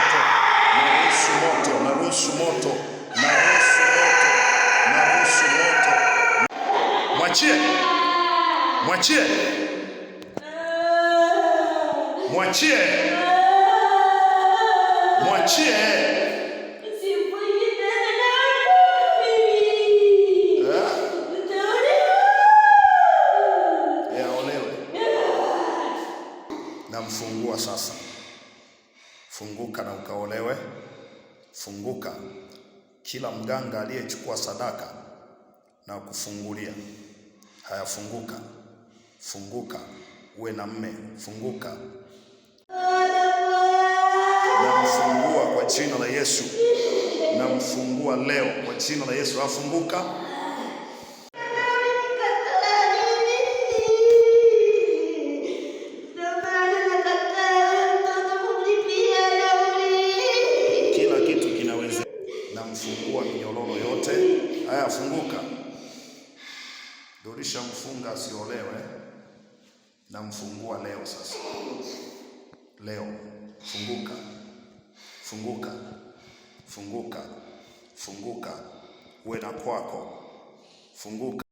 moto, naruhusu moto, naruhusu moto, naruhusu moto, naruhusu moto. Mwachie, mwachie, mwachie, mwachie. Eh? Namfungua sasa funguka na ukaolewe. Funguka, kila mganga aliyechukua sadaka na kufungulia hayafunguka. Funguka uwe na mme, funguka namfungua kwa jina la Yesu, namfungua leo kwa jina la Yesu, afunguka yoyote. Haya, funguka. Durisha mfunga asiolewe, na mfungua leo. Sasa leo, funguka, funguka, funguka, funguka, uwe na kwako, funguka.